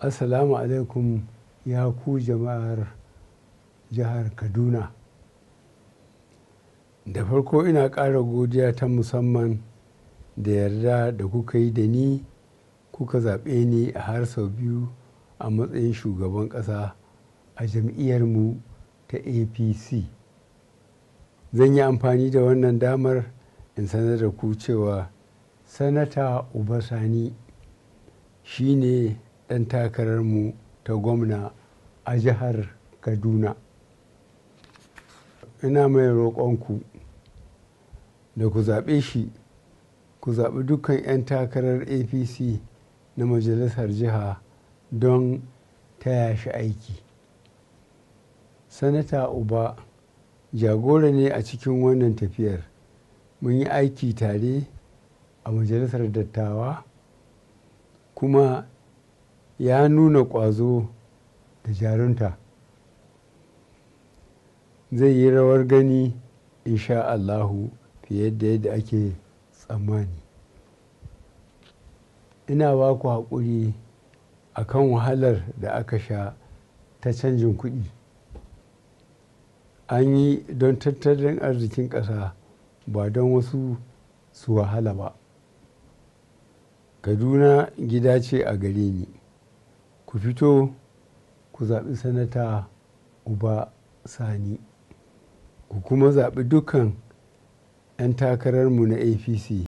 Assalamu alaikum ya ku jama'ar jihar Kaduna. Da farko ina ƙara godiya ta musamman da yarda da kuka yi da ni kuka zaɓe ni a har sau biyu a matsayin shugaban ƙasa a jam'iyyar mu ta APC. Zan yi amfani da wannan damar in sanar da ku cewa Sanata Ubasani shi ne ɗan takararmu ta gwamna a jihar kaduna ina mai roƙonku da ku zaɓe shi ku zaɓi dukkan 'yan takarar apc na majalisar jiha don taya shi aiki sanata uba jagora ne a cikin wannan tafiyar mun yi aiki tare a majalisar dattawa kuma ya nuna ƙwazo da jarunta zai yi rawar gani insha allahu fiye da yadda ake tsammani ina ba ku haƙuri a kan wahalar da aka sha ta canjin kuɗi an yi don tattalin arzikin ƙasa ba don wasu su wahala ba kaduna gida ce a gare ni ku fito ku zaɓi sanata uba sani ku kuma zaɓi dukkan 'yan takararmu na apc